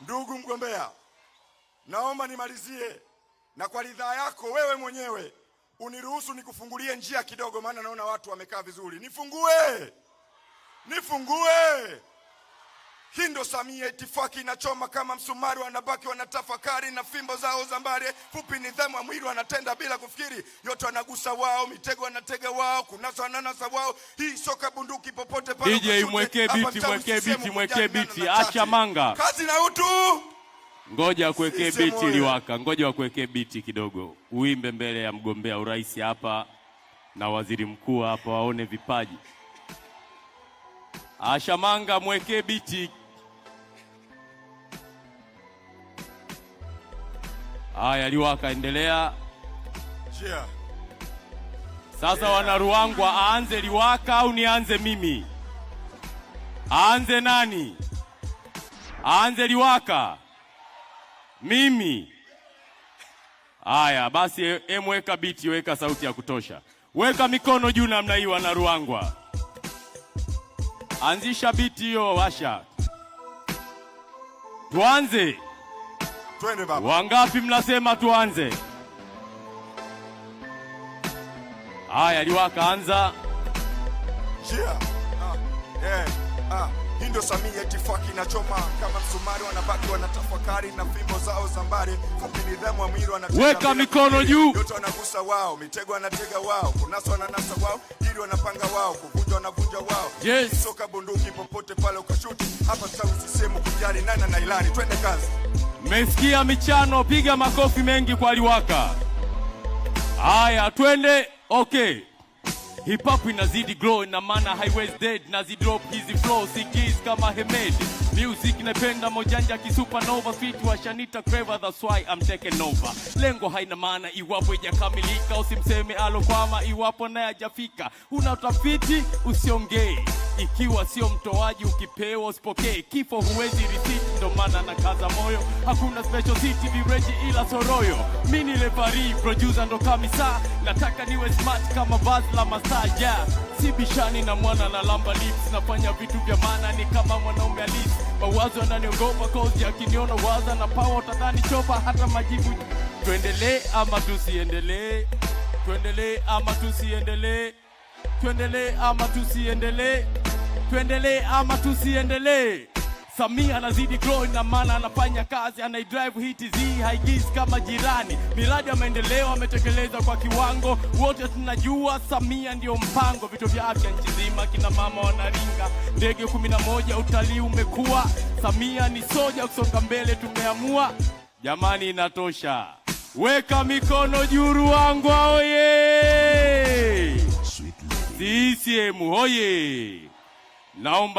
Ndugu mgombea, naomba nimalizie na kwa ridhaa yako wewe mwenyewe uniruhusu nikufungulie njia kidogo, maana naona watu wamekaa vizuri. Nifungue, nifungue. Hii ndo Samia, itifaki inachoma kama msumari, wanabaki wanatafakari na fimbo zao za mbare fupi, nidhamu ya mwili wanatenda bila kufikiri, yote wanagusa wao, mitego wanatega wao, kunasa wananasa wao. Hii soka bunduki popote pale. DJ mwekee biti, mweke biti, mweke biti, acha manga, kazi na utu. Ngoja kuweke biti liwaka, ngoja wakuwekee biti kidogo, uimbe mbele ya mgombea urais hapa na waziri mkuu hapa, waone vipaji. Ashamanga mwekee biti. Haya, Liwa akaendelea yeah. Sasa yeah. Wana aanze Liwaka au nianze mimi? Aanze nani? Aanze Liwaka? Mimi? Haya basi, e, emweka biti, weka sauti ya kutosha, weka mikono juu namna hii. Wana Ruangwa, anzisha biti hiyo, washa, tuanze. Twende baba. Wangapi mnasema tuanze? Haya, liwaka anza. Yeah. Uh, yeah. Uh. Hii ndio faki na choma kama msumari, wanabaki wanatafakari na fimbo zao zambari, mbali nidhamu ya mwili Weka mikono juu, yote wanagusa wao, mitego wanatega wao, kunaswa wananasa wao, ili wanapanga wao, kuvunja wanavunja wao. Yes. Soka bunduki popote pale ukashuti, hapa sauti sisemu kujali nani na ilani, twende kazi. Mmesikia michano, piga makofi mengi kwa Liwaka. Haya, twende. Okay, hip hop inazidi grow, na maana highways dead, drop hizi flow sikis kama Hemed Music napenda mojanja kisupernova fit wa Shanita crave that's why I'm taking over. Lengo haina maana iwapo ijakamilika, usimseme alo kwama iwapo naye ajafika. Una utafiti usiongee ikiwa sio mtoaji, ukipewa usipokee. Kifo huwezi risiti, ndo maana na kaza moyo. Hakuna special city vireji ila soroyo. Mi ni refari producer, ndo kamisa. Nataka niwe smart kama vaz la masaa yeah. Si bishani na mwana na lamba lips, nafanya vitu vya maana, ni kama mwanaume alis Mawazo yananiogopa kozi akiniona waza na pawa, utadhani chopa. Hata majibu tuendelee ama tusiendelee, tuendelee ama tusiendelee, tuendelee ama tusiendelee tuendelee ama tusiendelee? Samia anazidi growing na maana anafanya kazi, anaidrive hii TZ kama jirani. Miradi ya maendeleo ametekeleza kwa kiwango, wote tunajua Samia ndio mpango. vito vya afya nchi nzima, kina mama wanaringa, ndege 11, utalii umekuwa. Samia ni soja, kusonga mbele tumeamua. Jamani, inatosha, weka mikono juu Ruangwa oye! sisiemu oye! não